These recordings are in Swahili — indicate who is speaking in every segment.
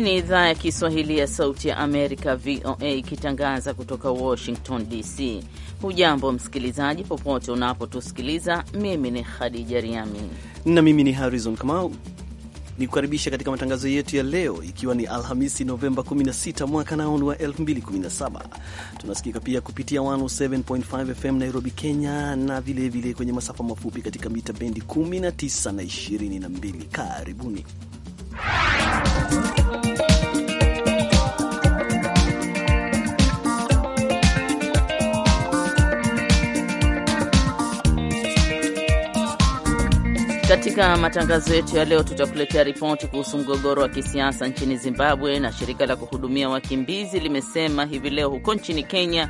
Speaker 1: Hii ni idhaa ya Kiswahili ya Sauti ya Amerika, VOA, ikitangaza kutoka Washington DC. Hujambo msikilizaji, popote unapotusikiliza.
Speaker 2: Mimi ni Khadija Riami na mimi ni Harrison Kamau ni kukaribisha katika matangazo yetu ya leo, ikiwa ni Alhamisi Novemba 16 mwaka naoni wa 2017. Tunasikika pia kupitia 107.5 FM Nairobi, Kenya, na vilevile vile kwenye masafa mafupi katika mita bendi 19 na 22. Karibuni
Speaker 1: Katika matangazo yetu ya leo tutakuletea ripoti kuhusu mgogoro wa kisiasa nchini Zimbabwe, na shirika la kuhudumia wakimbizi limesema hivi leo huko nchini Kenya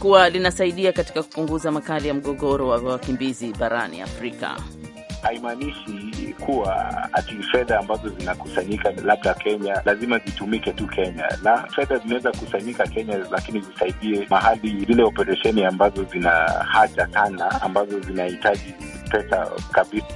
Speaker 1: kuwa linasaidia katika kupunguza makali ya mgogoro wa wakimbizi barani
Speaker 3: Afrika. Haimaanishi kuwa ati fedha ambazo zinakusanyika labda Kenya lazima zitumike tu Kenya, na fedha zinaweza kusanyika Kenya, lakini zisaidie mahali zile operesheni ambazo zina haja sana, ambazo zinahitaji pesa kabisa.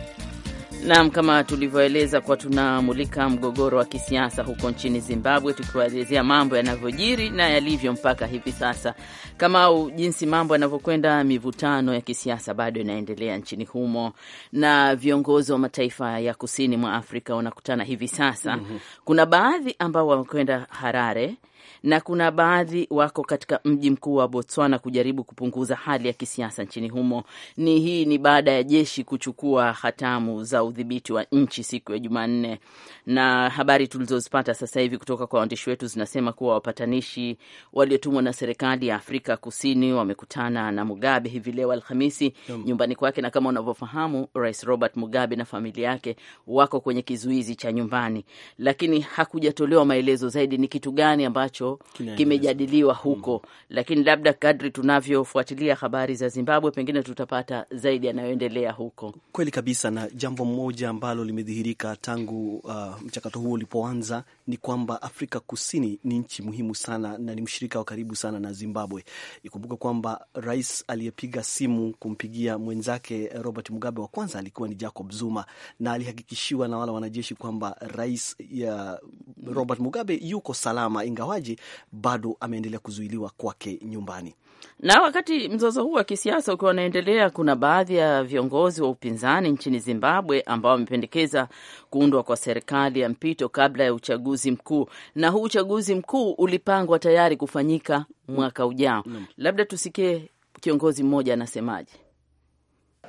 Speaker 1: Naam, kama tulivyoeleza kuwa tunamulika mgogoro wa kisiasa huko nchini Zimbabwe, tukiwaelezea mambo yanavyojiri na yalivyo mpaka hivi sasa, kama au jinsi mambo yanavyokwenda. Mivutano ya kisiasa bado inaendelea nchini humo, na viongozi wa mataifa ya kusini mwa Afrika wanakutana hivi sasa. Mhm. Kuna baadhi ambao wamekwenda Harare na kuna baadhi wako katika mji mkuu wa Botswana kujaribu kupunguza hali ya kisiasa nchini humo. Ni hii ni baada ya jeshi kuchukua hatamu za udhibiti wa nchi siku ya Jumanne, na habari tulizozipata sasa hivi kutoka kwa waandishi wetu zinasema kuwa wapatanishi waliotumwa na serikali ya Afrika Kusini wamekutana na Mugabe hivi leo Alhamisi nyumbani kwake, na kama unavyofahamu Rais Robert Mugabe na familia yake wako kwenye kizuizi cha nyumbani, lakini hakujatolewa maelezo zaidi ni kitu gani ambacho kimejadiliwa huko mm. Lakini labda kadri tunavyofuatilia habari za Zimbabwe, pengine tutapata zaidi yanayoendelea
Speaker 2: huko. Kweli kabisa, na jambo moja ambalo limedhihirika tangu uh, mchakato huo ulipoanza ni kwamba Afrika Kusini ni nchi muhimu sana na ni mshirika wa karibu sana na Zimbabwe. Ikumbuke kwamba rais aliyepiga simu kumpigia mwenzake Robert Mugabe wa kwanza alikuwa ni Jacob Zuma, na alihakikishiwa na wale wanajeshi kwamba rais ya Robert Mugabe yuko salama, ingawaji bado ameendelea kuzuiliwa kwake nyumbani.
Speaker 1: Na wakati mzozo huu wa kisiasa ukiwa unaendelea, kuna baadhi ya viongozi wa upinzani nchini Zimbabwe ambao wamependekeza kuundwa kwa serikali ya mpito kabla ya uchaguzi mkuu, na huu uchaguzi mkuu ulipangwa tayari kufanyika mwaka ujao. Mm. mm. Labda tusikie kiongozi mmoja anasemaje.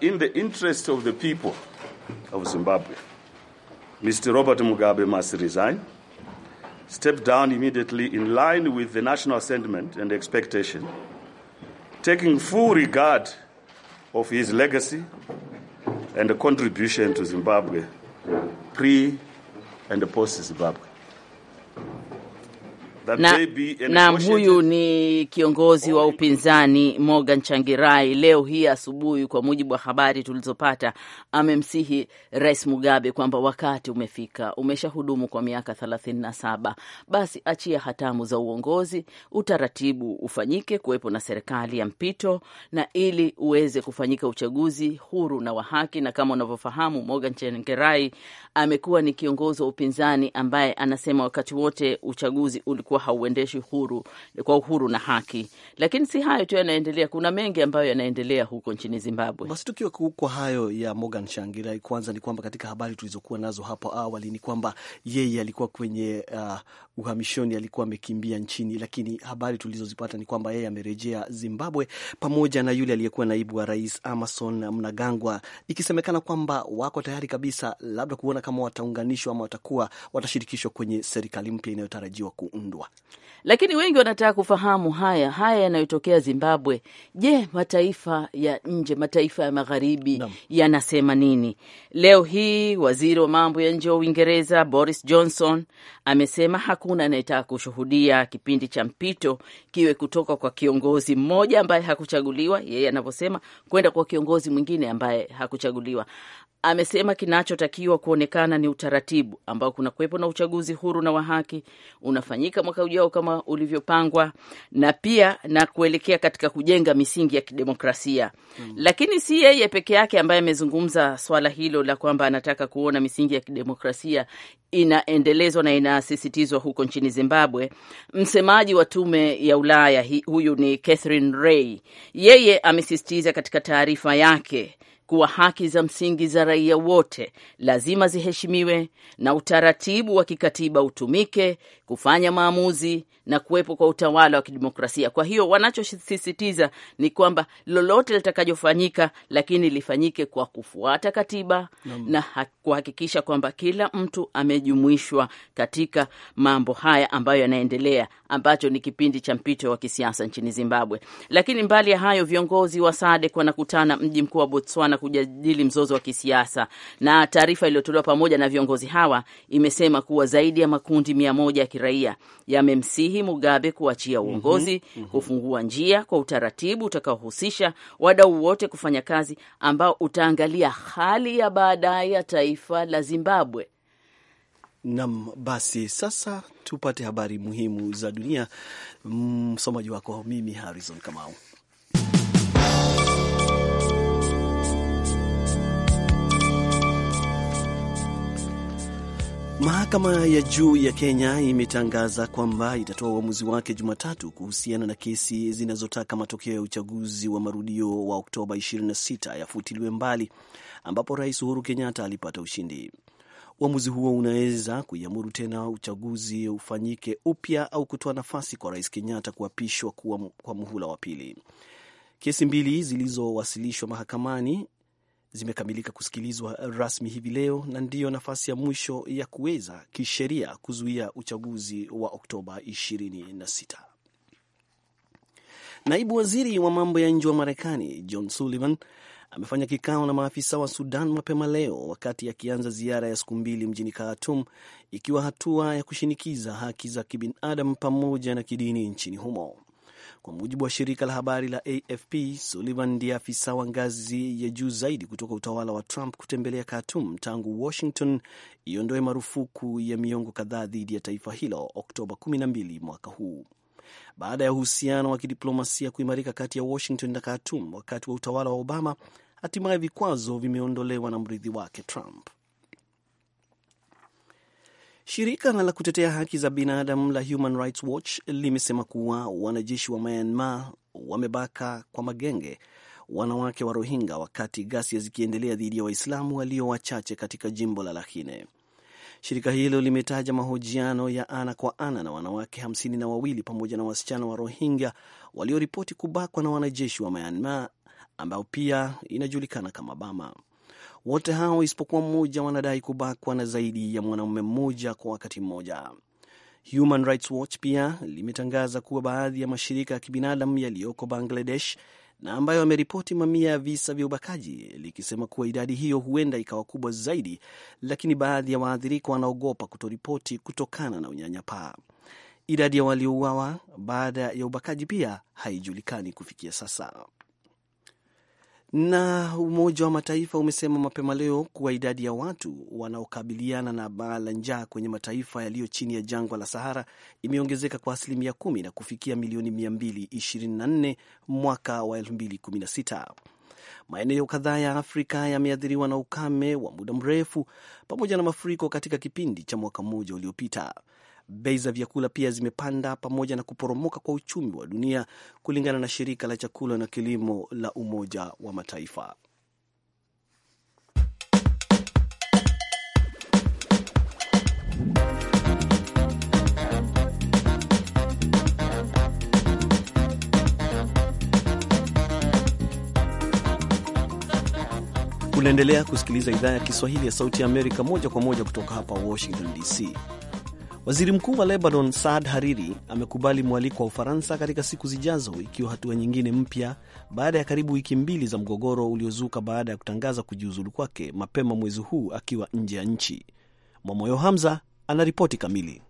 Speaker 2: In the interest of the people of Zimbabwe, Mr. Robert Mugabe must resign. stepped down immediately in line with the national sentiment and expectation, taking full regard of his legacy
Speaker 3: and the contribution to Zimbabwe pre and post Zimbabwe. na, na huyu
Speaker 1: ni kiongozi wa upinzani Morgan Changirai. Leo hii asubuhi, kwa mujibu wa habari tulizopata, amemsihi Rais Mugabe kwamba wakati umefika, umeshahudumu kwa miaka thelathini na saba, basi achia hatamu za uongozi, utaratibu ufanyike, kuwepo na serikali ya mpito, na ili uweze kufanyika uchaguzi huru na wa haki. Na kama unavyofahamu, Morgan Changirai amekuwa ni kiongozi wa upinzani ambaye anasema wakati wote uchaguzi ulikuwa ulikuwa hauendeshi huru kwa uhuru na haki.
Speaker 2: Lakini si hayo tu yanaendelea, kuna mengi ambayo yanaendelea huko nchini Zimbabwe. Basi tukiwa kwa hayo ya Morgan Shangirai, kwanza ni kwamba katika habari tulizokuwa nazo hapo awali ni kwamba yeye alikuwa kwenye uh, uhamishoni, alikuwa amekimbia nchini, lakini habari tulizozipata ni kwamba yeye amerejea Zimbabwe pamoja na yule aliyekuwa naibu wa rais Amason Mnangagwa, ikisemekana kwamba wako tayari kabisa labda kuona kama wataunganishwa ama watakuwa watashirikishwa kwenye serikali mpya inayotarajiwa kuundwa kubwa.
Speaker 1: Lakini wengi wanataka kufahamu haya haya yanayotokea Zimbabwe. Je, mataifa ya nje, mataifa ya magharibi no. yanasema nini? Leo hii waziri wa mambo ya nje wa Uingereza Boris Johnson amesema hakuna anayetaka kushuhudia kipindi cha mpito kiwe kutoka kwa kiongozi mmoja ambaye hakuchaguliwa, yeye anavyosema, kwenda kwa kiongozi mwingine ambaye hakuchaguliwa. Amesema kinachotakiwa kuonekana ni utaratibu ambao kunakuwepo na uchaguzi huru na wa haki unafanyika mwaka ujao kama ulivyopangwa, na pia na kuelekea katika kujenga misingi ya kidemokrasia mm. Lakini si yeye peke yake ambaye amezungumza swala hilo la kwamba anataka kuona misingi ya kidemokrasia inaendelezwa na inasisitizwa huko nchini Zimbabwe. Msemaji wa tume ya Ulaya hi, huyu ni Catherine Ray, yeye amesisitiza katika taarifa yake kuwa haki za msingi za raia wote lazima ziheshimiwe na utaratibu wa kikatiba utumike kufanya maamuzi na kuwepo kwa utawala wa kidemokrasia. Kwa hiyo wanachosisitiza ni kwamba lolote litakajofanyika, lakini lifanyike kwa kufuata katiba na, na kuhakikisha kwamba kila mtu amejumuishwa katika mambo haya ambayo yanaendelea, ambacho ni kipindi cha mpito wa kisiasa nchini Zimbabwe. Lakini mbali ya hayo, viongozi wa SADC wanakutana mji mkuu wa Botswana kujadili mzozo wa kisiasa, na taarifa iliyotolewa pamoja na viongozi hawa imesema kuwa zaidi ya makundi mia moja ya kiraia yamemsihi Mugabe kuachia mhm, uongozi, mm -hmm, kufungua njia kwa utaratibu utakaohusisha wadau wote kufanya kazi ambao utaangalia hali ya baadaye ya taifa la Zimbabwe.
Speaker 2: Nam, basi sasa tupate habari muhimu za dunia. Msomaji mm, wako mimi Harrison Kamau. Mahakama ya juu ya Kenya imetangaza kwamba itatoa uamuzi wake Jumatatu kuhusiana na kesi zinazotaka matokeo ya uchaguzi wa marudio wa Oktoba 26 yafutiliwe mbali, ambapo Rais Uhuru Kenyatta alipata ushindi. Uamuzi huo unaweza kuiamuru tena uchaguzi ufanyike upya au kutoa nafasi kwa Rais Kenyatta kuapishwa kwa muhula wa pili. Kesi mbili zilizowasilishwa mahakamani zimekamilika kusikilizwa rasmi hivi leo na ndiyo nafasi ya mwisho ya kuweza kisheria kuzuia uchaguzi wa Oktoba 26. Naibu waziri wa mambo ya nje wa Marekani John Sullivan amefanya kikao na maafisa wa Sudan mapema leo wakati akianza ziara ya siku mbili mjini Khartoum, ikiwa hatua ya kushinikiza haki za kibinadamu pamoja na kidini nchini humo. Kwa mujibu wa shirika la habari la AFP, Sullivan ndiye afisa wa ngazi ya juu zaidi kutoka utawala wa Trump kutembelea Khartoum tangu Washington iondoe marufuku ya miongo kadhaa dhidi ya taifa hilo Oktoba 12 mwaka huu. Baada ya uhusiano wa kidiplomasia kuimarika kati ya Washington na Khartoum wakati wa utawala wa Obama, hatimaye vikwazo vimeondolewa na mrithi wake Trump. Shirika la kutetea haki za binadamu la Human Rights Watch limesema kuwa wanajeshi wa Myanmar wamebaka kwa magenge wanawake wa Rohingya wakati ghasia zikiendelea dhidi ya Waislamu walio wachache katika jimbo la Rakhine. Shirika hilo limetaja mahojiano ya ana kwa ana na wanawake hamsini na wawili pamoja na wasichana wa Rohingya walioripoti kubakwa na wanajeshi wa Myanmar ambao pia inajulikana kama Bama. Wote hao isipokuwa mmoja wanadai kubakwa na zaidi ya mwanamume mmoja kwa wakati mmoja. Human Rights Watch pia limetangaza kuwa baadhi ya mashirika ya kibinadamu yaliyoko Bangladesh na ambayo ameripoti mamia ya visa vya ubakaji likisema kuwa idadi hiyo huenda ikawa kubwa zaidi, lakini baadhi ya waathirika wanaogopa kutoripoti kutokana na unyanyapaa. Idadi ya waliouawa baada ya ubakaji pia haijulikani kufikia sasa. Na Umoja wa Mataifa umesema mapema leo kuwa idadi ya watu wanaokabiliana na baa la njaa kwenye mataifa yaliyo chini ya jangwa la Sahara imeongezeka kwa asilimia kumi na kufikia milioni 224 mwaka wa 2016. Maeneo kadhaa ya Afrika yameathiriwa na ukame wa muda mrefu pamoja na mafuriko katika kipindi cha mwaka mmoja uliopita. Bei za vyakula pia zimepanda pamoja na kuporomoka kwa uchumi wa dunia, kulingana na shirika la chakula na kilimo la Umoja wa Mataifa. Unaendelea kusikiliza idhaa ya Kiswahili ya Sauti ya Amerika moja kwa moja kutoka hapa Washington DC. Waziri mkuu wa Lebanon Saad Hariri amekubali mwaliko wa Ufaransa katika siku zijazo, ikiwa hatua nyingine mpya baada ya karibu wiki mbili za mgogoro uliozuka baada ya kutangaza kujiuzulu kwake mapema mwezi huu akiwa nje ya nchi. Mwamoyo Hamza ana ripoti kamili.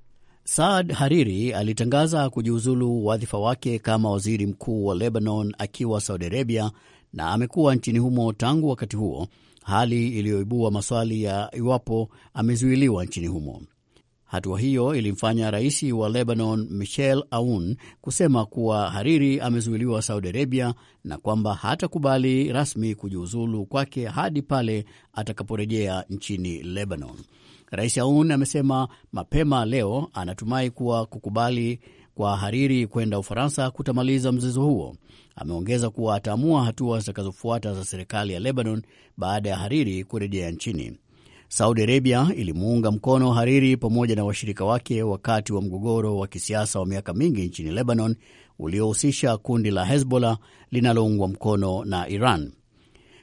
Speaker 4: Saad Hariri alitangaza kujiuzulu wadhifa wake kama waziri mkuu wa Lebanon akiwa Saudi Arabia na amekuwa nchini humo tangu wakati huo, hali iliyoibua maswali ya iwapo amezuiliwa nchini humo. Hatua hiyo ilimfanya rais wa Lebanon Michel Aoun kusema kuwa Hariri amezuiliwa Saudi Arabia na kwamba hatakubali rasmi kujiuzulu kwake hadi pale atakaporejea nchini Lebanon. Rais Aoun amesema mapema leo anatumai kuwa kukubali kwa Hariri kwenda Ufaransa kutamaliza mzozo huo. Ameongeza kuwa ataamua hatua zitakazofuata za serikali ya Lebanon baada ya Hariri kurejea nchini. Saudi Arabia ilimuunga mkono Hariri pamoja na washirika wake wakati wa mgogoro wa kisiasa wa miaka mingi nchini Lebanon uliohusisha kundi la Hezbollah linaloungwa mkono na Iran.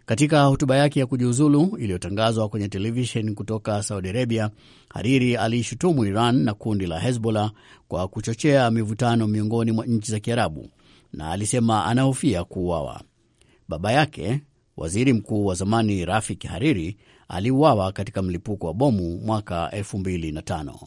Speaker 4: Katika hotuba yake ya kujiuzulu iliyotangazwa kwenye televisheni kutoka Saudi Arabia, Hariri aliishutumu Iran na kundi la Hezbollah kwa kuchochea mivutano miongoni mwa nchi za Kiarabu na alisema anahofia kuuawa. Baba yake waziri mkuu wa zamani Rafik Hariri aliuawa katika mlipuko wa bomu mwaka 2005.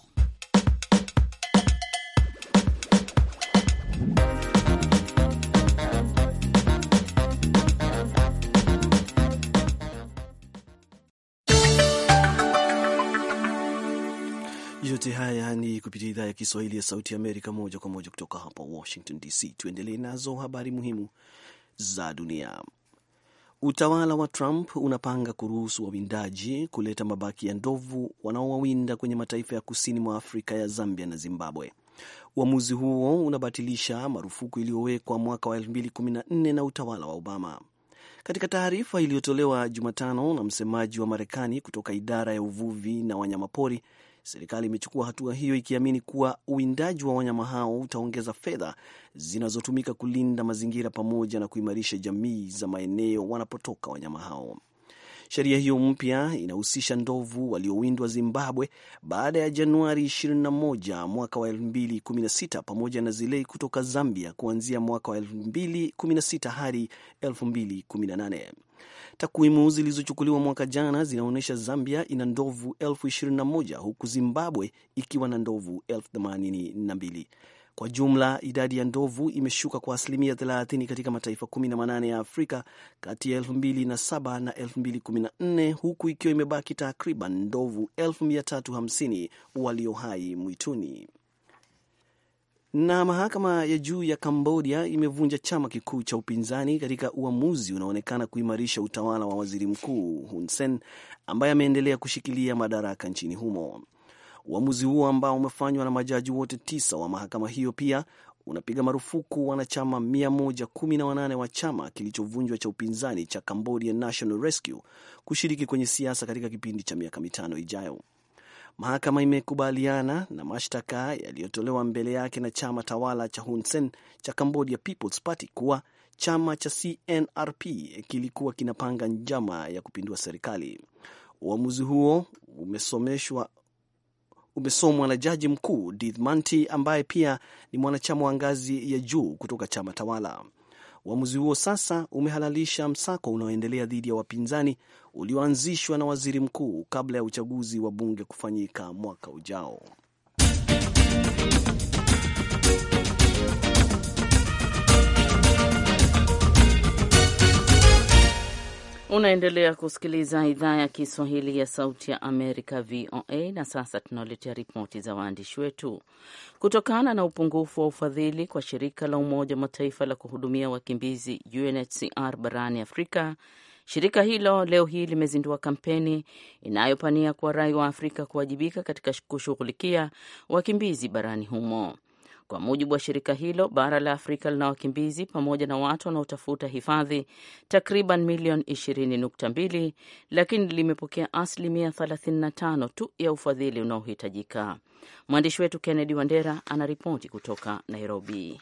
Speaker 2: Yote haya ni kupitia idhaa ya Kiswahili ya Sauti ya Amerika, moja kwa moja kutoka hapa Washington DC. Tuendelee nazo habari muhimu za dunia. Utawala wa Trump unapanga kuruhusu wawindaji kuleta mabaki ya ndovu wanaowawinda kwenye mataifa ya kusini mwa Afrika ya Zambia na Zimbabwe. Uamuzi huo unabatilisha marufuku iliyowekwa mwaka wa 2014 na utawala wa Obama. Katika taarifa iliyotolewa Jumatano na msemaji wa Marekani kutoka idara ya uvuvi na wanyamapori, Serikali imechukua hatua hiyo ikiamini kuwa uwindaji wa wanyama hao utaongeza fedha zinazotumika kulinda mazingira pamoja na kuimarisha jamii za maeneo wanapotoka wanyama hao. Sheria hiyo mpya inahusisha ndovu waliowindwa Zimbabwe baada ya Januari 21 mwaka wa 2016 pamoja na zilei kutoka Zambia kuanzia mwaka wa 2016 hadi 2018. Takwimu zilizochukuliwa mwaka jana zinaonyesha Zambia ina ndovu elfu 21 huku Zimbabwe ikiwa na ndovu elfu 82. Kwa jumla idadi ya ndovu imeshuka kwa asilimia 30 katika mataifa 18 ya Afrika kati ya 2007 na 2014 huku ikiwa imebaki takriban ndovu 350 walio hai mwituni. Na mahakama ya juu ya Kambodia imevunja chama kikuu cha upinzani katika uamuzi unaoonekana kuimarisha utawala wa waziri mkuu Hun Sen ambaye ameendelea kushikilia madaraka nchini humo. Uamuzi huo ambao umefanywa na majaji wote tisa wa mahakama hiyo pia unapiga marufuku wanachama 118 wa chama kilichovunjwa cha upinzani cha Cambodian National Rescue kushiriki kwenye siasa katika kipindi cha miaka mitano ijayo. Mahakama imekubaliana na mashtaka yaliyotolewa mbele yake na chama tawala cha Hun Sen cha Cambodia People's Party kuwa chama cha CNRP kilikuwa kinapanga njama ya kupindua serikali. Uamuzi huo umesomeshwa umesomwa na jaji mkuu Dith Manti ambaye pia ni mwanachama wa ngazi ya juu kutoka chama tawala. Uamuzi huo sasa umehalalisha msako unaoendelea dhidi ya wapinzani ulioanzishwa na waziri mkuu kabla ya uchaguzi wa bunge kufanyika mwaka ujao.
Speaker 1: Unaendelea kusikiliza idhaa ya Kiswahili ya Sauti ya Amerika, VOA. Na sasa tunaletea ripoti za waandishi wetu. Kutokana na upungufu wa ufadhili kwa shirika la Umoja wa Mataifa la kuhudumia wakimbizi UNHCR barani Afrika, shirika hilo leo hii limezindua kampeni inayopania kwa rai wa Afrika kuwajibika katika kushughulikia wakimbizi barani humo. Kwa mujibu wa shirika hilo, bara la Afrika lina wakimbizi pamoja na watu wanaotafuta hifadhi takriban milioni 20.2, lakini limepokea asilimia 35 tu ya ufadhili unaohitajika. Mwandishi wetu Kennedy Wandera anaripoti kutoka Nairobi.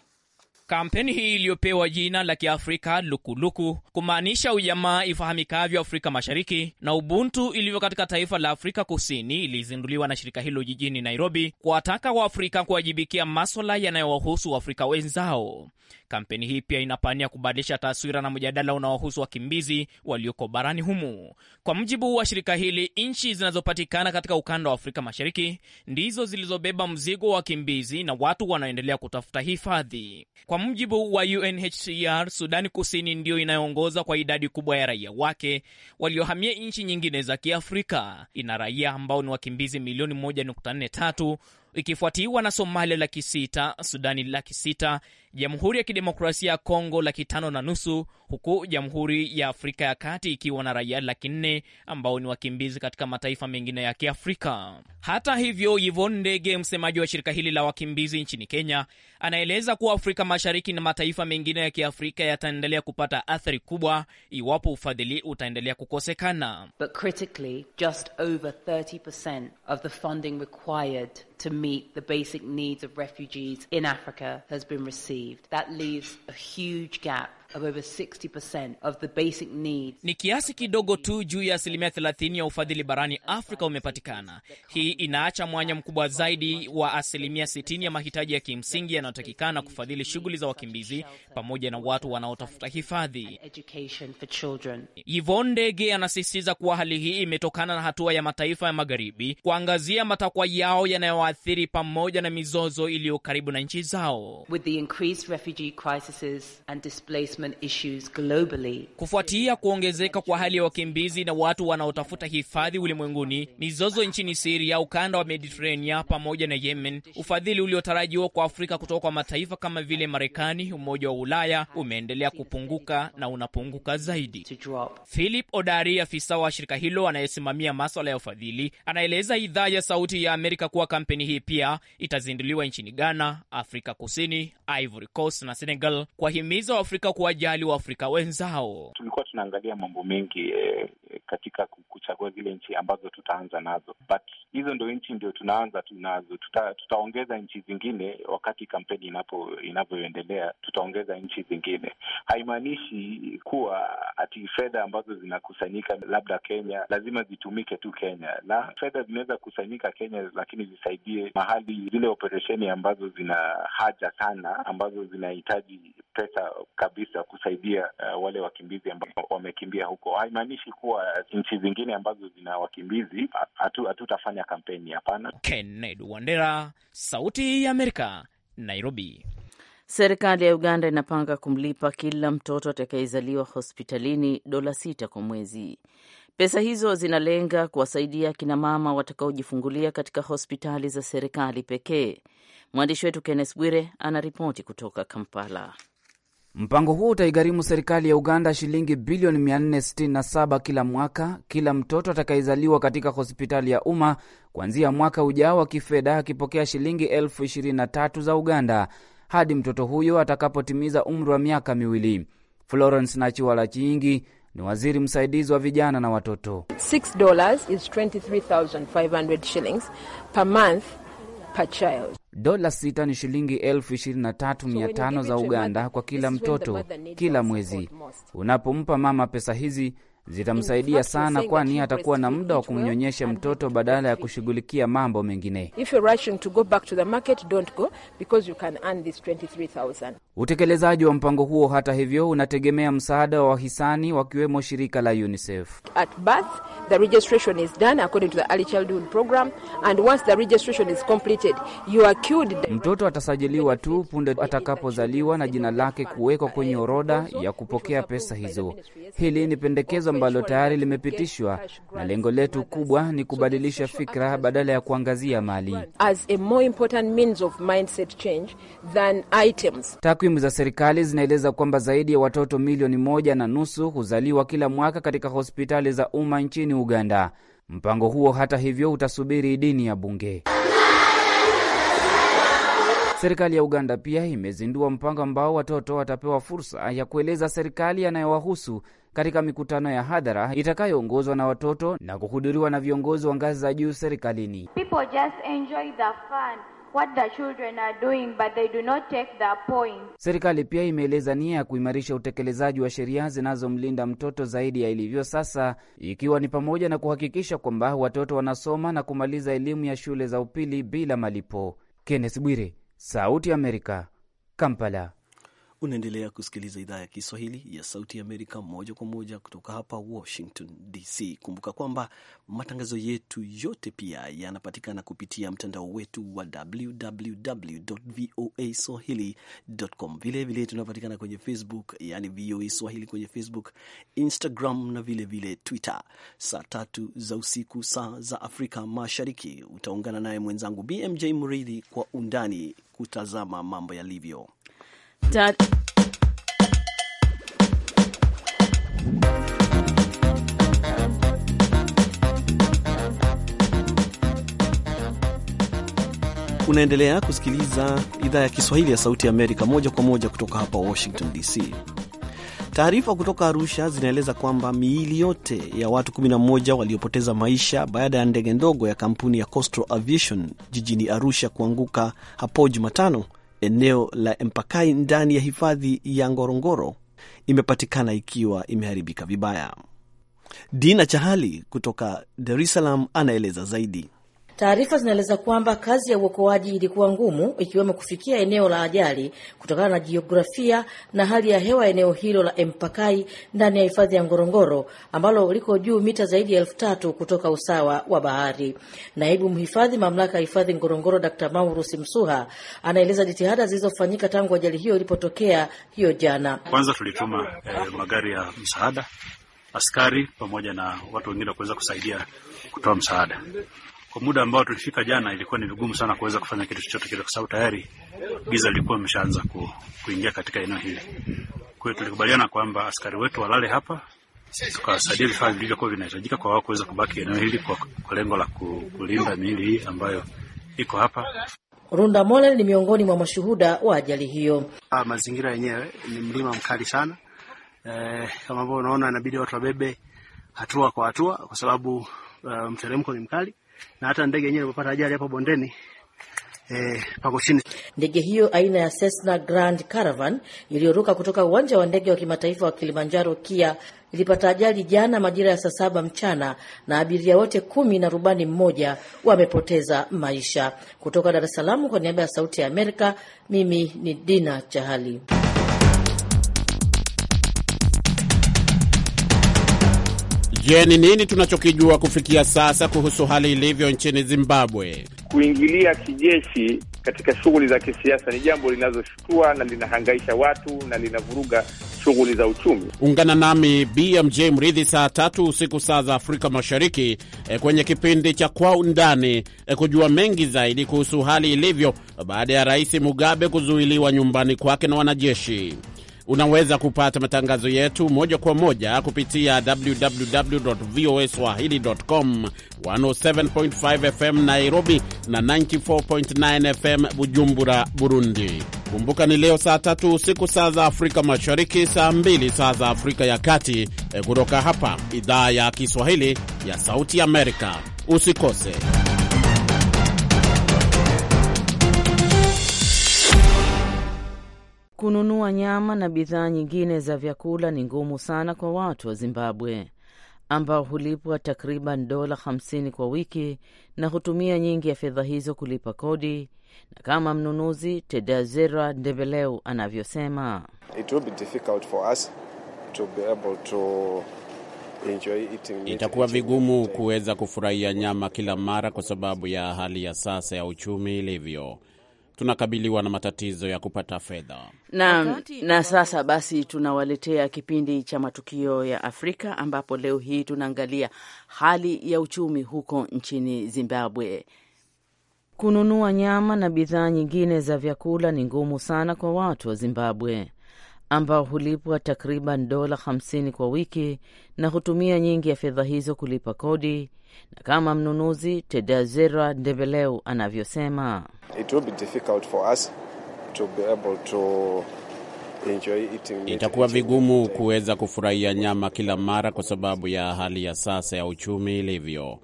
Speaker 5: Kampeni hii iliyopewa jina la Kiafrika Lukuluku kumaanisha ujamaa ifahamikavyo Afrika Mashariki na ubuntu ilivyo katika taifa la Afrika Kusini ilizinduliwa na shirika hilo jijini Nairobi kuwataka Waafrika kuwajibikia maswala yanayowahusu Waafrika wenzao. Kampeni hii pia inapania kubadilisha taswira na mjadala unaohusu wakimbizi walioko barani humu. Kwa mujibu wa shirika hili, nchi zinazopatikana katika ukanda wa Afrika Mashariki ndizo zilizobeba mzigo wa wakimbizi na watu wanaoendelea kutafuta hifadhi. Kwa mujibu wa UNHCR, Sudani Kusini ndiyo inayoongoza kwa idadi kubwa ya raia wake waliohamia nchi nyingine za Kiafrika. Ina raia ambao ni wakimbizi milioni 1.43 ikifuatiwa na Somalia laki sita, Sudani laki sita, Jamhuri ya Kidemokrasia ya Kongo laki tano na nusu, huku Jamhuri ya Afrika ya Kati ikiwa na raia laki nne ambao ni wakimbizi katika mataifa mengine ya Kiafrika. Hata hivyo, Yvonne Ndege, msemaji wa shirika hili la wakimbizi nchini Kenya, anaeleza kuwa Afrika Mashariki na mataifa mengine ya Kiafrika yataendelea kupata athari kubwa iwapo ufadhili utaendelea kukosekana. But
Speaker 1: critically, just over 30% of the funding required to meet the basic needs of refugees in Africa has been received. That leaves a huge
Speaker 5: gap of over 60% of the basic needs. Ni kiasi kidogo tu juu ya asilimia 30 ya ufadhili barani Afrika umepatikana. Hii inaacha mwanya mkubwa zaidi wa asilimia 60 ya mahitaji ya kimsingi yanayotakikana kufadhili shughuli za wakimbizi pamoja na watu wanaotafuta hifadhi. Yvonne Ndege anasisitiza kuwa hali hii imetokana na hatua ya mataifa ya magharibi kuangazia matakwa yao yanayoathiri pamoja na mizozo iliyo karibu na nchi zao. With the increased refugee crises and displacement resettlement issues globally. Kufuatia kuongezeka kwa hali ya wakimbizi na watu wanaotafuta hifadhi ulimwenguni, mizozo nchini Siria, ukanda wa Mediterania pamoja na Yemen, ufadhili uliotarajiwa kwa Afrika kutoka kwa mataifa kama vile Marekani, Umoja wa Ulaya umeendelea kupunguka na unapunguka zaidi. Philip Odari, afisa wa shirika hilo anayesimamia maswala ya ufadhili, anaeleza idhaa ya Sauti ya Amerika kuwa kampeni hii pia itazinduliwa nchini Ghana, Afrika Kusini, Ivory Coast na Senegal, kuwahimiza Waafrika kuwa kuwajali Waafrika wenzao. Tulikuwa
Speaker 3: tunaangalia mambo mengi eh, eh katika kuchagua zile nchi ambazo tutaanza nazo, but hizo ndo nchi ndio tunaanza tu nazo. Tuta, tutaongeza nchi zingine wakati kampeni inapo inavyoendelea, tutaongeza nchi zingine. Haimaanishi kuwa ati fedha ambazo zinakusanyika labda Kenya lazima zitumike tu Kenya, na fedha zinaweza kusanyika Kenya, lakini zisaidie mahali zile operesheni ambazo zina haja sana ambazo zinahitaji pesa kabisa kusaidia uh, wale wakimbizi ambao wamekimbia huko. Haimaanishi kuwa nchi zingine ambazo zina wakimbizi hatutafanya kampeni, hapana.
Speaker 5: Kennedy Wandera, Sauti ya Amerika, Nairobi.
Speaker 1: Serikali ya Uganda inapanga kumlipa kila mtoto atakayezaliwa hospitalini dola sita kwa mwezi. Pesa hizo zinalenga kuwasaidia akina mama watakaojifungulia katika hospitali za serikali pekee. Mwandishi wetu Kennes Bwire anaripoti kutoka Kampala.
Speaker 6: Mpango huu utaigharimu serikali ya Uganda shilingi bilioni 467 kila mwaka, kila mtoto atakayezaliwa katika hospitali ya umma kuanzia mwaka ujao wa kifedha, akipokea shilingi elfu 23 za Uganda hadi mtoto huyo atakapotimiza umri wa miaka miwili. Florence Nachiwala Chiingi ni waziri msaidizi wa vijana na watoto.
Speaker 1: $6 is 23,500 shillings per month per child.
Speaker 6: Dola sita ni shilingi elfu ishirini na tatu mia tano za Uganda kwa kila mtoto kila mwezi. Unapompa mama pesa hizi zitamsaidia sana, kwani atakuwa na muda wa kumnyonyesha mtoto badala ya kushughulikia mambo mengine. Utekelezaji wa mpango huo, hata hivyo, unategemea msaada wa wahisani wakiwemo shirika la UNICEF. Mtoto atasajiliwa tu punde atakapozaliwa na jina lake kuwekwa kwenye orodha ya kupokea pesa hizo. Hili ni pendekezo ambalo tayari limepitishwa, na lengo letu kubwa ni kubadilisha fikra badala ya kuangazia mali. Takwimu za serikali zinaeleza kwamba zaidi ya watoto milioni moja na nusu huzaliwa kila mwaka katika hospitali za umma nchini Uganda. Mpango huo hata hivyo utasubiri idhini ya bunge. Serikali ya Uganda pia imezindua mpango ambao watoto watapewa fursa ya kueleza serikali yanayowahusu katika mikutano ya hadhara itakayoongozwa na watoto na kuhudhuriwa na viongozi wa ngazi za juu serikalini. Serikali pia imeeleza nia ya kuimarisha utekelezaji wa sheria zinazomlinda mtoto zaidi ya ilivyo sasa, ikiwa ni pamoja na kuhakikisha kwamba watoto wanasoma na kumaliza elimu ya shule za upili bila malipo. Kenneth Bwire, Sauti Amerika, Kampala.
Speaker 2: Unaendelea kusikiliza idhaa ya Kiswahili ya Sauti ya Amerika moja kwa moja kutoka hapa Washington DC. Kumbuka kwamba matangazo yetu yote pia yanapatikana kupitia mtandao wetu wa www voa swahili.com. Vilevile tunapatikana kwenye Facebook, yani VOA Swahili kwenye Facebook, Instagram na vilevile vile Twitter. Saa tatu za usiku, saa za Afrika Mashariki, utaungana naye mwenzangu BMJ Mridhi kwa undani kutazama mambo yalivyo. Ta Unaendelea kusikiliza idhaa ya Kiswahili ya Sauti ya Amerika moja kwa moja kutoka hapa Washington DC. Taarifa kutoka Arusha zinaeleza kwamba miili yote ya watu 11 waliopoteza maisha baada ya ndege ndogo ya kampuni ya Costro Aviation jijini Arusha kuanguka hapo Jumatano Eneo la Empakai ndani ya hifadhi ya Ngorongoro imepatikana ikiwa imeharibika vibaya. Dina Chahali kutoka Dar es Salaam anaeleza zaidi.
Speaker 7: Taarifa zinaeleza kwamba kazi ya uokoaji ilikuwa ngumu, ikiwemo kufikia eneo la ajali kutokana na jiografia na hali ya hewa eneo hilo la Empakai ndani ya hifadhi ya Ngorongoro ambalo liko juu mita zaidi ya elfu tatu kutoka usawa wa bahari. Naibu mhifadhi mamlaka ya hifadhi Ngorongoro d maurusi Msuha anaeleza jitihada zilizofanyika tangu ajali hiyo ilipotokea hiyo jana.
Speaker 3: Kwanza tulituma eh, magari ya msaada, askari pamoja na watu wengine kuweza kusaidia kutoa msaada kwa muda ambao tulifika jana, ilikuwa ni vigumu sana kuweza kufanya kitu chochote kile, kwa sababu tayari giza lilikuwa limeshaanza ku, kuingia katika eneo hili. Kwa hiyo tulikubaliana kwamba askari wetu walale hapa, tukawasaidia vifaa vilivyokuwa vinahitajika kwa wao kuweza kubaki eneo hili kwa, kwa lengo la kulinda miili hii ambayo iko hapa.
Speaker 7: Runda Molen ni miongoni mwa mashuhuda wa ajali hiyo.
Speaker 2: Ha, ah, mazingira yenyewe ni mlima mkali sana e, kama ambavyo unaona inabidi watu wabebe hatua kwa hatua kwa sababu uh, mteremko ni mkali na hata ndege yenyewe ilipopata ajali hapo bondeni eh,
Speaker 7: pako chini. Ndege hiyo aina ya Cessna Grand Caravan iliyoruka kutoka uwanja wa ndege wa kimataifa wa Kilimanjaro KIA ilipata ajali jana majira ya saa saba mchana na abiria wote kumi na rubani mmoja wamepoteza maisha. Kutoka Dar es Salaam, kwa niaba ya Sauti ya Amerika, mimi ni Dina Chahali.
Speaker 3: Je, ni nini tunachokijua kufikia sasa kuhusu hali ilivyo nchini Zimbabwe? Kuingilia kijeshi katika shughuli za kisiasa ni jambo linazoshutua na linahangaisha watu na linavuruga shughuli za uchumi. Ungana nami BMJ Mridhi saa tatu usiku saa za Afrika Mashariki e, kwenye kipindi cha Kwa Undani e, kujua mengi zaidi kuhusu hali ilivyo baada ya Rais Mugabe kuzuiliwa nyumbani kwake na wanajeshi. Unaweza kupata matangazo yetu moja kwa moja kupitia www voa swahili.com, 107.5 FM Nairobi na 94.9 FM Bujumbura, Burundi. Kumbuka ni leo saa tatu usiku saa za Afrika Mashariki, saa mbili saa za Afrika ya Kati. Eh, kutoka hapa idhaa ya Kiswahili ya Sauti Amerika, usikose.
Speaker 1: Kununua nyama na bidhaa nyingine za vyakula ni ngumu sana kwa watu wa Zimbabwe ambao hulipwa takriban dola 50 kwa wiki na hutumia nyingi ya fedha hizo kulipa kodi, na kama mnunuzi Tedazera Ndebeleu anavyosema,
Speaker 2: itakuwa
Speaker 3: vigumu kuweza kufurahia nyama kila mara kwa sababu ya hali ya sasa ya uchumi ilivyo tunakabiliwa na matatizo ya kupata fedha
Speaker 1: na, na sasa basi tunawaletea kipindi cha matukio ya Afrika ambapo leo hii tunaangalia hali ya uchumi huko nchini Zimbabwe. Kununua nyama na bidhaa nyingine za vyakula ni ngumu sana kwa watu wa Zimbabwe ambao hulipwa takriban dola 50 kwa wiki na hutumia nyingi ya fedha hizo kulipa kodi, na kama mnunuzi Tedazera Ndebeleu anavyosema,
Speaker 2: itakuwa
Speaker 3: vigumu kuweza kufurahia nyama kila mara kwa sababu ya hali ya sasa ya uchumi ilivyo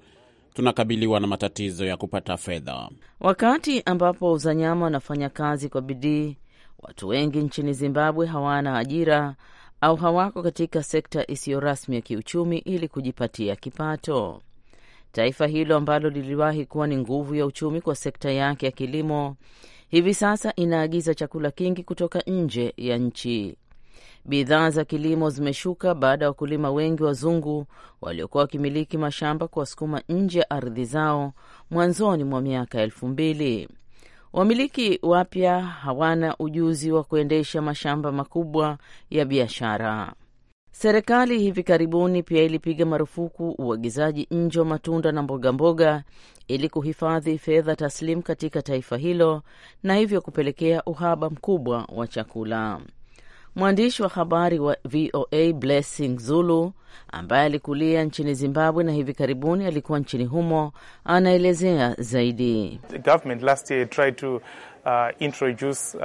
Speaker 3: tunakabiliwa na matatizo ya kupata fedha.
Speaker 1: Wakati ambapo wauza nyama wanafanya kazi kwa bidii Watu wengi nchini Zimbabwe hawana ajira au hawako katika sekta isiyo rasmi ya kiuchumi ili kujipatia kipato. Taifa hilo ambalo liliwahi kuwa ni nguvu ya uchumi kwa sekta yake ya kilimo, hivi sasa inaagiza chakula kingi kutoka nje ya nchi. Bidhaa za kilimo zimeshuka baada ya wakulima wengi wazungu waliokuwa wakimiliki mashamba kuwasukuma nje ya ardhi zao mwanzoni mwa miaka elfu mbili. Wamiliki wapya hawana ujuzi wa kuendesha mashamba makubwa ya biashara. Serikali hivi karibuni pia ilipiga marufuku uagizaji nje wa matunda na mbogamboga ili kuhifadhi fedha taslimu katika taifa hilo na hivyo kupelekea uhaba mkubwa wa chakula. Mwandishi wa habari wa VOA Blessing Zulu ambaye alikulia nchini Zimbabwe na hivi karibuni alikuwa nchini humo anaelezea zaidi.
Speaker 3: The government last year tried to, uh, introduce, uh,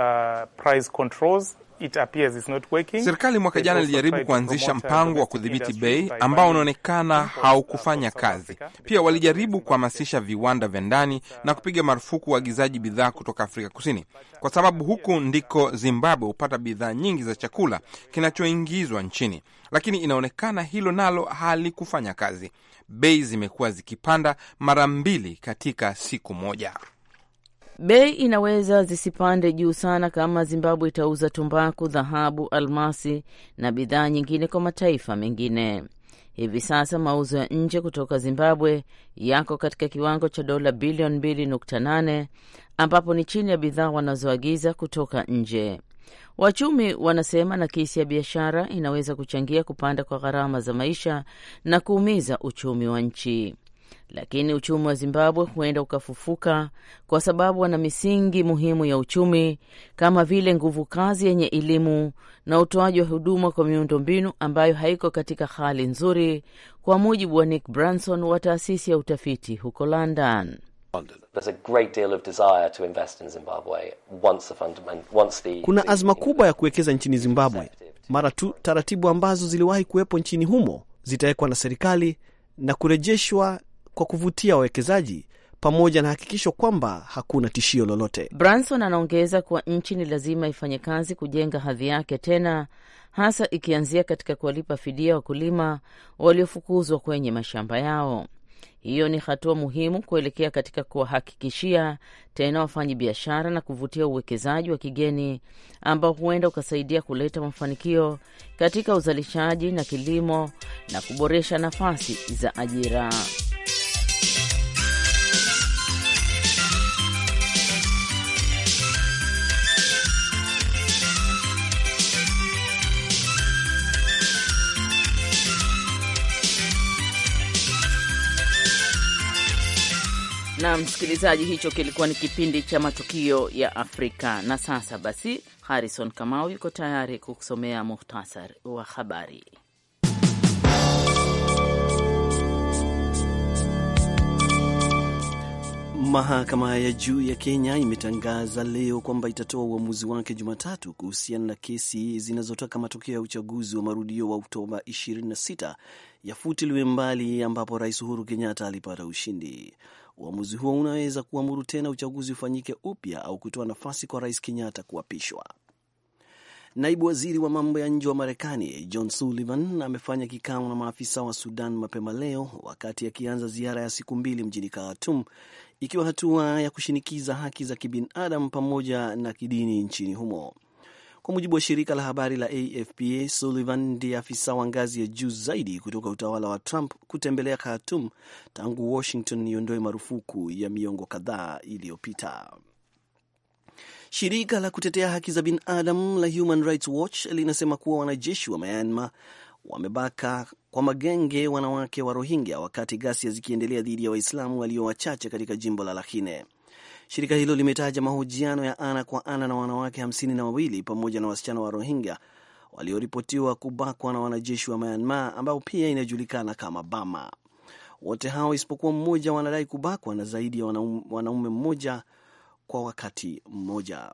Speaker 3: price controls. Serikali mwaka jana ilijaribu kuanzisha uh, mpango wa kudhibiti bei ambao unaonekana haukufanya kazi. Pia walijaribu uh, kuhamasisha viwanda vya ndani na kupiga marufuku uagizaji bidhaa kutoka Afrika Kusini, kwa sababu huku ndiko Zimbabwe hupata bidhaa nyingi za chakula kinachoingizwa nchini, lakini inaonekana hilo nalo halikufanya kazi. Bei zimekuwa zikipanda mara mbili katika siku moja. Bei inaweza
Speaker 1: zisipande juu sana kama Zimbabwe itauza tumbaku, dhahabu, almasi na bidhaa nyingine kwa mataifa mengine. Hivi sasa mauzo ya nje kutoka Zimbabwe yako katika kiwango cha dola bilioni 2.8 ambapo ni chini ya bidhaa wanazoagiza kutoka nje. Wachumi wanasema nakisi ya biashara inaweza kuchangia kupanda kwa gharama za maisha na kuumiza uchumi wa nchi lakini uchumi wa Zimbabwe huenda ukafufuka kwa sababu wana misingi muhimu ya uchumi kama vile nguvu kazi yenye elimu na utoaji wa huduma kwa miundo mbinu ambayo haiko katika hali nzuri, kwa mujibu wa Nick Branson wa taasisi ya utafiti huko London.
Speaker 6: Kuna
Speaker 2: azma kubwa ya kuwekeza nchini Zimbabwe mara tu taratibu ambazo ziliwahi kuwepo nchini humo zitawekwa na serikali na kurejeshwa kwa kuvutia wawekezaji pamoja na hakikisho kwamba hakuna tishio lolote.
Speaker 1: Branson anaongeza kuwa nchi ni lazima ifanye kazi kujenga hadhi yake tena, hasa ikianzia katika kuwalipa fidia wakulima waliofukuzwa kwenye mashamba yao. Hiyo ni hatua muhimu kuelekea katika kuwahakikishia tena wafanyi biashara na kuvutia uwekezaji wa kigeni ambao huenda ukasaidia kuleta mafanikio katika uzalishaji na kilimo na kuboresha nafasi za ajira. na msikilizaji, hicho kilikuwa ni kipindi cha matukio ya Afrika. Na sasa basi, Harrison Kamau yuko tayari kukusomea muhtasar
Speaker 2: wa habari. Mahakama ya juu ya Kenya imetangaza leo kwamba itatoa uamuzi wake Jumatatu kuhusiana na kesi zinazotaka matokeo ya uchaguzi wa marudio wa Oktoba 26 yafutiliwe mbali, ambapo Rais Uhuru Kenyatta alipata ushindi. Uamuzi huo unaweza kuamuru tena uchaguzi ufanyike upya au kutoa nafasi kwa rais Kenyatta kuapishwa. Naibu waziri wa mambo ya nje wa Marekani John Sullivan amefanya kikao na maafisa wa Sudan mapema leo, wakati akianza ziara ya siku mbili mjini Khartoum, ikiwa hatua ya kushinikiza haki za kibinadamu pamoja na kidini nchini humo. Kwa mujibu wa shirika la habari la AFPA, Sullivan ndiye afisa wa ngazi ya juu zaidi kutoka utawala wa Trump kutembelea Khartoum tangu Washington iondoe marufuku ya miongo kadhaa iliyopita. Shirika la kutetea haki za binadamu la Human Rights Watch linasema kuwa wanajeshi wa Myanmar wamebaka kwa magenge wanawake wa Rohingya wakati ghasia zikiendelea dhidi ya Waislamu walio wachache katika jimbo la Rakhine. Shirika hilo limetaja mahojiano ya ana kwa ana na wanawake hamsini na wawili pamoja na wasichana wa Rohingya walioripotiwa kubakwa na wanajeshi wa Myanmar ambao pia inajulikana kama Bama. Wote hao isipokuwa mmoja wanadai kubakwa na zaidi ya wanaume mmoja kwa wakati mmoja.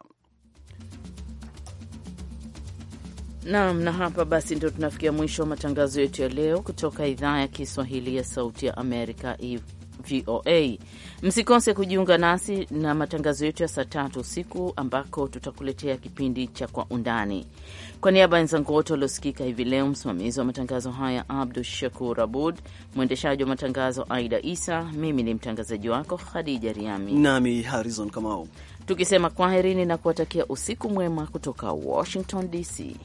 Speaker 1: Naam, na hapa basi ndio tunafikia mwisho wa matangazo yetu ya leo kutoka idhaa ya Kiswahili ya Sauti ya Amerika, Eve VOA. Msikose kujiunga nasi na matangazo yetu ya saa tatu usiku ambako tutakuletea kipindi cha Kwa Undani. Kwa niaba ya wenzangu wote waliosikika hivi leo, msimamizi wa matangazo haya Abdu Shakur Abud, mwendeshaji wa matangazo Aida Isa, mimi ni mtangazaji wako Khadija Riami nami Harizon Kamau, tukisema kwaherini na kuwatakia usiku mwema kutoka Washington DC.